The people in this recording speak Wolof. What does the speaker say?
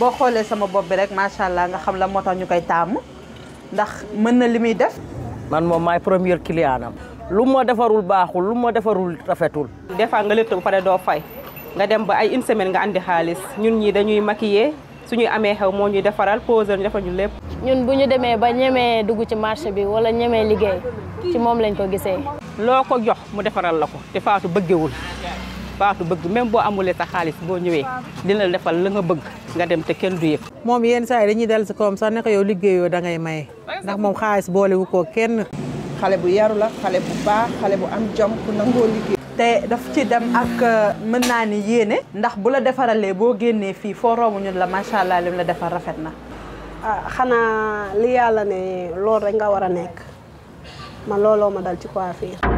boo xoolee sama bopp bi rek macha allah nga xam la moo tax ñu koy tàmm ndax mën na li muy def. man moom maay première client am. lu ma defarul baaxul lu ma defarul rafetul. des nga létt bu pare doo fay nga dem ba ay une semaine nga andi xaalis ñun ñi dañuy maquiller suñuy amee xew moo ñuy defaral poser ñu ñu lépp. ñun bu ñu demee ba ñemee dugg ci marché bi wala ñemee liggéey ci moom lañ ko gisee. loo ko jox mu defaral la ko te faatu bëggewul faatu bëgg même boo amulee sa xaalis boo ñëwee dina la la nga bëgg nga dem te kenn du yëg moom yenn saa yi dañuy dal si kawam sax ne ko yow liggéeyoo da ngay maye ndax moom xaalis boole koo kenn xale bu yaru la xale bu baax xale bu am jom te daf ci dem ak euh, mën naa ni yéene ndax bu la defaralee boo génnee fii foo romb ñun la macha allah lim la defar rafet na ah xanaa li yàlla ne lool rek nga war a nekk man looloo ma dal ci coiffure